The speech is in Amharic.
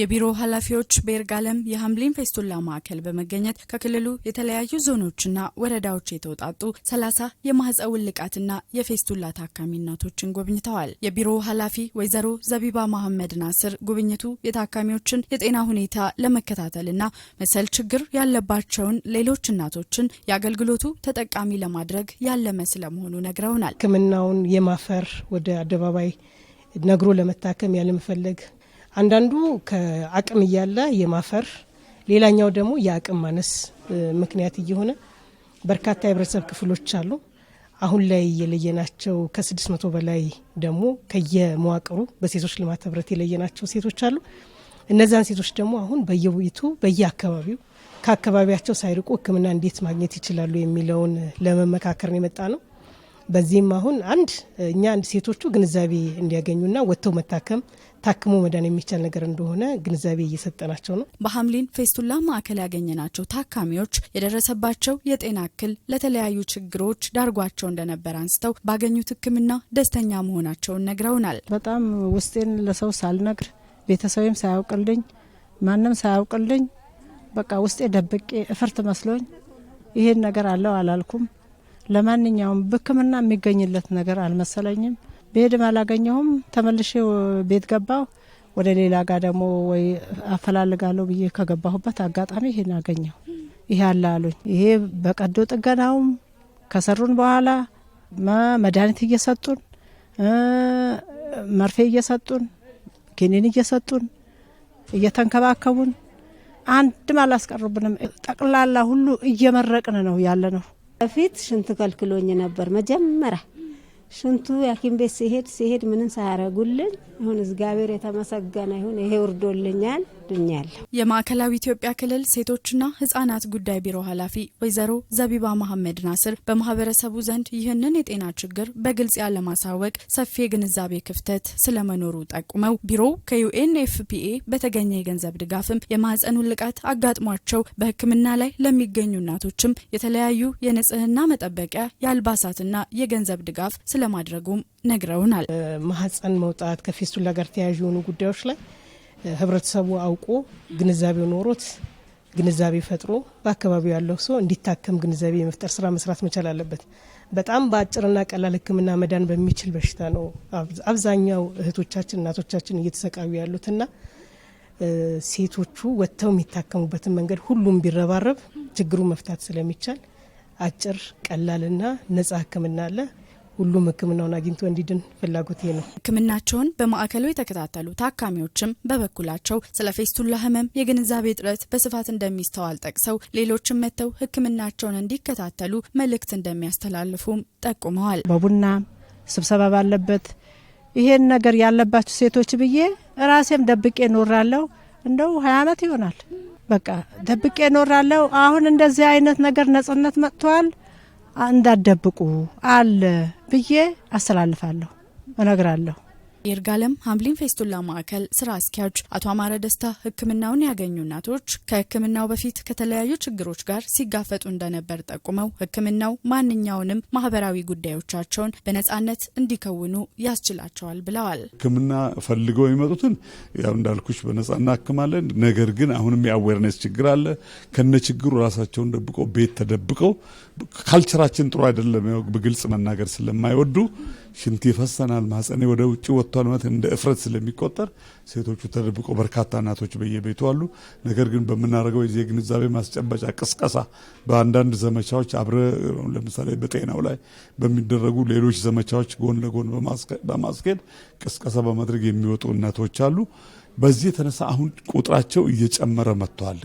የቢሮ ኃላፊዎች በይርጋለም የሀምሊን ፌስቱላ ማዕከል በመገኘት ከክልሉ የተለያዩ ዞኖችና ወረዳዎች የተውጣጡ ሰላሳ የማህፀን ውልቃትና የፌስቱላ ታካሚ እናቶችን ጎብኝተዋል። የቢሮ ኃላፊ ወይዘሮ ዘቢባ መሐመድ ናስር ጉብኝቱ የታካሚዎችን የጤና ሁኔታ ለመከታተልና መሰል ችግር ያለባቸውን ሌሎች እናቶችን የአገልግሎቱ ተጠቃሚ ለማድረግ ያለመ ስለመሆኑ ነግረውናል። ሕክምናውን የማፈር ወደ አደባባይ ነግሮ ለመታከም ያለመፈለግ አንዳንዱ ከአቅም እያለ የማፈር ሌላኛው ደግሞ የአቅም ማነስ ምክንያት እየሆነ በርካታ የህብረተሰብ ክፍሎች አሉ። አሁን ላይ የለየናቸው ከስድስት መቶ በላይ ደግሞ ከየመዋቅሩ በሴቶች ልማት ህብረት የለየናቸው ሴቶች አሉ። እነዛን ሴቶች ደግሞ አሁን በየቤቱ በየአካባቢው ከአካባቢያቸው ሳይርቁ ህክምና እንዴት ማግኘት ይችላሉ የሚለውን ለመመካከር ነው የመጣ ነው። በዚህም አሁን አንድ እኛ ሴቶቹ ግንዛቤ እንዲያገኙና ወጥተው መታከም ታክሞ መዳን የሚቻል ነገር እንደሆነ ግንዛቤ እየሰጠናቸው ነው። በሀምሊን ፌስቱላ ማዕከል ያገኘናቸው ታካሚዎች የደረሰባቸው የጤና እክል ለተለያዩ ችግሮች ዳርጓቸው እንደነበር አንስተው ባገኙት ሕክምና ደስተኛ መሆናቸውን ነግረውናል። በጣም ውስጤን ለሰው ሳልነግር ቤተሰብም ሳያውቅልኝ ማንም ሳያውቅልኝ በቃ ውስጤ ደብቄ እፍርት መስሎኝ ይሄን ነገር አለው አላልኩም ለማንኛውም በሕክምና የሚገኝለት ነገር አልመሰለኝም። ብሄድም አላገኘሁም። ተመልሼ ቤት ገባሁ። ወደ ሌላ ጋር ደግሞ ወይ አፈላልጋለሁ ብዬ ከገባሁበት አጋጣሚ ይሄን አገኘሁ። ይሄ አለ አሉኝ። ይሄ በቀዶ ጥገናውም ከሰሩን በኋላ መድኃኒት እየሰጡን መርፌ እየሰጡን ኪኒን እየሰጡን እየተንከባከቡን አንድም አላስቀሩብንም። ጠቅላላ ሁሉ እየመረቅን ነው ያለ ነው። በፊት ሽንት ከልክሎኝ ነበር መጀመሪያ ሽንቱ ያኪም ቤት ሲሄድ ሲሄድ ምንም ሳያረጉልን፣ ይሁን እግዚአብሔር የተመሰገነ ይሁን። ይሄ ውርዶልኛል ድኛለሁ። የማዕከላዊ ኢትዮጵያ ክልል ሴቶችና ህጻናት ጉዳይ ቢሮ ኃላፊ ወይዘሮ ዘቢባ መሐመድ ናስር በማህበረሰቡ ዘንድ ይህንን የጤና ችግር በግልጽ ያለማሳወቅ ሰፊ የግንዛቤ ክፍተት ስለመኖሩ ጠቁመው ቢሮው ከዩኤንኤፍፒኤ በተገኘ የገንዘብ ድጋፍም የማህፀን ውልቃት አጋጥሟቸው በህክምና ላይ ለሚገኙ እናቶችም የተለያዩ የንጽህና መጠበቂያ የአልባሳትና የገንዘብ ድጋፍ ስለማድረጉም ነግረውናል። ማህፀን መውጣት ከፌስቱላ ጋር ተያያዥ የሆኑ ጉዳዮች ላይ ህብረተሰቡ አውቆ ግንዛቤው ኖሮት ግንዛቤ ፈጥሮ በአካባቢው ያለው ሰው እንዲታከም ግንዛቤ የመፍጠር ስራ መስራት መቻል አለበት። በጣም በአጭርና ቀላል ሕክምና መዳን በሚችል በሽታ ነው አብዛኛው እህቶቻችን እናቶቻችን እየተሰቃዩ ያሉትና ሴቶቹ ወጥተው የሚታከሙበትን መንገድ ሁሉም ቢረባረብ ችግሩ መፍታት ስለሚቻል አጭር ቀላልና ነጻ ሕክምና አለ። ሁሉም ሕክምናውን አግኝቶ እንዲድን ፍላጎቴ ነው። ሕክምናቸውን በማዕከሉ የተከታተሉ ታካሚዎችም በበኩላቸው ስለ ፌስቱላ ህመም የግንዛቤ እጥረት በስፋት እንደሚስተዋል ጠቅሰው ሌሎችም መጥተው ሕክምናቸውን እንዲከታተሉ መልእክት እንደሚያስተላልፉም ጠቁመዋል። በቡና ስብሰባ ባለበት ይሄን ነገር ያለባችሁ ሴቶች ብዬ ራሴም ደብቄ ኖራለሁ። እንደው ሀያ አመት ይሆናል በቃ ደብቄ ኖራለሁ። አሁን እንደዚህ አይነት ነገር ነጽነት መጥተዋል። እንዳደብቁ አለ ብዬ አስተላልፋለሁ እነግራለሁ። የይርጋለም ሀምሊን ፌስቱላ ማዕከል ስራ አስኪያጅ አቶ አማረ ደስታ ህክምናውን ያገኙ እናቶች ከህክምናው በፊት ከተለያዩ ችግሮች ጋር ሲጋፈጡ እንደነበር ጠቁመው ህክምናው ማንኛውንም ማህበራዊ ጉዳዮቻቸውን በነጻነት እንዲከውኑ ያስችላቸዋል ብለዋል። ህክምና ፈልገው የሚመጡትን ያው እንዳልኩሽ በነጻ እናክማለን። ነገር ግን አሁንም የአዌርነስ ችግር አለ። ከነ ችግሩ ራሳቸውን ደብቀው ቤት ተደብቀው ካልቸራችን ጥሩ አይደለም፣ በግልጽ መናገር ስለማይወዱ ሽንት ይፈሰናል፣ ማህፀኔ ወደ ውጭ ወጥቷል ማለት እንደ እፍረት ስለሚቆጠር ሴቶቹ ተደብቆ በርካታ እናቶች በየቤቱ አሉ። ነገር ግን በምናደርገው የዚህ ግንዛቤ ማስጨበጫ ቅስቀሳ፣ በአንዳንድ ዘመቻዎች አብረ ለምሳሌ በጤናው ላይ በሚደረጉ ሌሎች ዘመቻዎች ጎን ለጎን በማስኬድ ቅስቀሳ በማድረግ የሚወጡ እናቶች አሉ። በዚህ የተነሳ አሁን ቁጥራቸው እየጨመረ መጥተዋል።